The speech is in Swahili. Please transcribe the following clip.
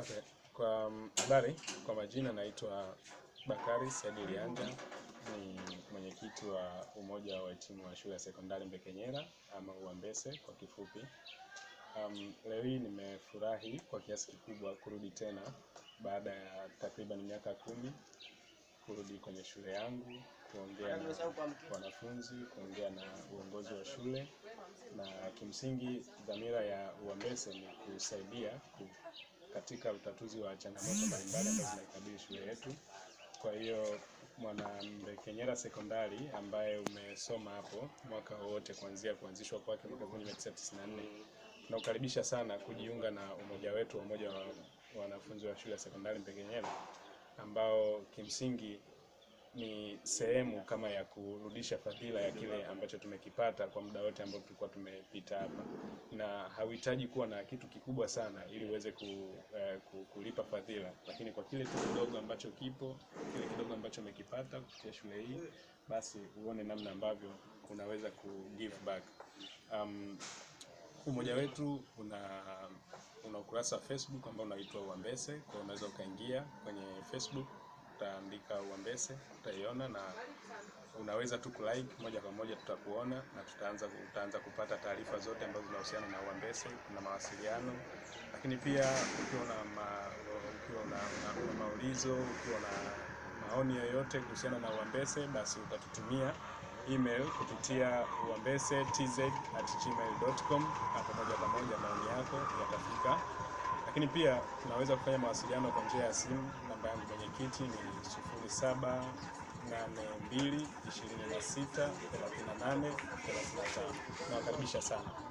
Okay. Kwa um, habari, kwa majina naitwa Bakari Saidi Lianja, ni mwenyekiti wa umoja wa wahitimu wa shule ya sekondari Mbekenyera ama UAMBESE kwa kifupi. Um, leo hii nimefurahi kwa kiasi kikubwa kurudi tena baada ya takriban miaka kumi kurudi kwenye shule yangu kuongea na wanafunzi, kuongea na uongozi wa shule, na kimsingi dhamira ya UAMBESE ni kusaidia ku katika utatuzi wa changamoto mbalimbali ambazo zinaikabili shule yetu. Kwa hiyo Mwanambekenyera Sekondari ambaye umesoma hapo mwaka wote kuanzia kuanzishwa kwake mwaka 1994 tunakukaribisha sana kujiunga na umoja wetu wa umoja wa wanafunzi wa shule ya sekondari Mbekenyera ambao kimsingi ni sehemu kama ya kurudisha fadhila ya kile ambacho tumekipata kwa muda wote ambao tulikuwa tumepita hapa, na hauhitaji kuwa na kitu kikubwa sana ili uweze ku, eh, ku, kulipa fadhila, lakini kwa kile tu kidogo ambacho kipo, kile kidogo ambacho umekipata kupitia shule hii, basi uone namna ambavyo unaweza ku give back. Um, umoja wetu una una ukurasa wa Facebook ambao unaitwa Uambese, kwa unaweza ukaingia kwenye Facebook utaandika Uambese, utaiona na unaweza tu kulike moja kwa moja, tutakuona na tutaanza utaanza kupata taarifa zote ambazo zinahusiana na Uambese. na mawasiliano, lakini pia ukiwa na ma, ukiwa na, na, na maulizo, ukiwa na maoni yoyote kuhusiana na Uambese, basi utatutumia email kupitia uambese tz@gmail.com, at gmail.com, na pamoja pamoja maoni yako yatafika lakini pia tunaweza kufanya mawasiliano kwa njia ya simu. Namba yangu mwenyekiti ni 0782263835. Nawakaribisha sana.